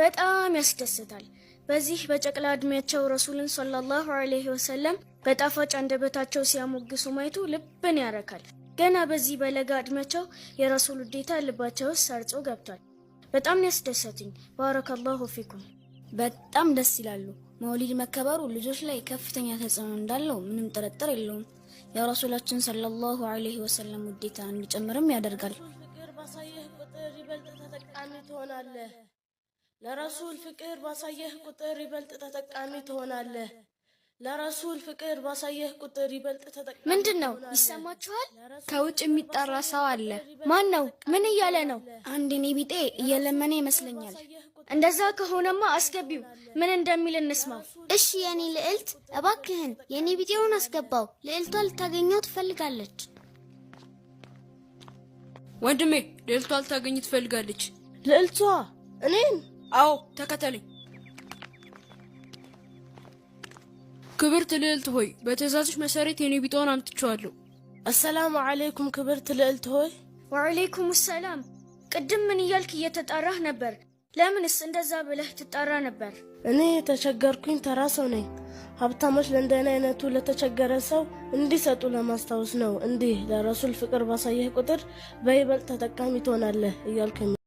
በጣም ያስደስታል። በዚህ በጨቅላ እድሜያቸው ረሱልን ሰለላሁ ዐለይሂ ወሰለም በጣፋጭ አንደበታቸው ሲያሞግሱ ማየቱ ልብን ያረካል። ገና በዚህ በለጋ እድሜያቸው የረሱል ውዴታ ልባቸው ውስጥ ሰርጾ ገብቷል። በጣም ያስደሰትኝ። ባረከላሁ ፊኩም። በጣም ደስ ይላሉ። መውሊድ መከበሩ ልጆች ላይ ከፍተኛ ተጽዕኖ እንዳለው ምንም ጥርጥር የለውም። የረሱላችን ሰለላሁ ዐለይሂ ወሰለም ውዴታ እንዲጨምርም ያደርጋል። ፍቅር ባሳየህ ቁጥር ይበልጥ ተጠቃሚ ትሆናለህ። ለረሱል ፍቅር ባሳየህ ቁጥር ይበልጥ ተጠቃሚ ትሆናለህ። ለረሱል ፍቅር ባሳየህ ቁጥር ይበልጥ ተጠቃሚ ምንድን ነው? ይሰማችኋል? ከውጭ የሚጠራ ሰው አለ። ማን ነው? ምን እያለ ነው? አንድ እኔ ቢጤ እየለመነ ይመስለኛል። እንደዛ ከሆነማ አስገቢው፣ ምን እንደሚል እንስማው። እሺ የኔ ልዕልት፣ እባክህን የኔ ቢጤውን አስገባው። ልዕልቷ ልታገኘው ትፈልጋለች። ወንድሜ፣ ልዕልቷ ልታገኝ ትፈልጋለች። ልዕልቷ እኔን አዎ ተከተልኝ። ክብርት ልዕልት ሆይ በትእዛዝሽ መሰረት የኔ ቢጠውን አምጥቼዋለሁ። አሰላሙ አለይኩም ክብርት ልዕልት ሆይ። ወአለይኩም ሰላም። ቅድም ምን እያልክ እየተጣራህ ነበር? ለምንስ እንደዛ ብለህ ትጣራ ነበር? እኔ የተቸገርኩኝ ተራ ሰው ነኝ። ሀብታሞች ለእንደኔ አይነቱ ለተቸገረ ሰው እንዲሰጡ ለማስታወስ ነው። እንዲህ ለረሱል ፍቅር ባሳየህ ቁጥር በይበልጥ ተጠቃሚ ትሆናለህ እያልክ